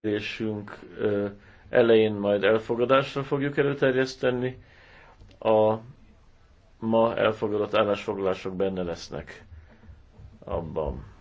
ülésünk elején majd elfogadásra fogjuk előterjeszteni. A ma elfogadott állásfoglalások benne lesznek abban.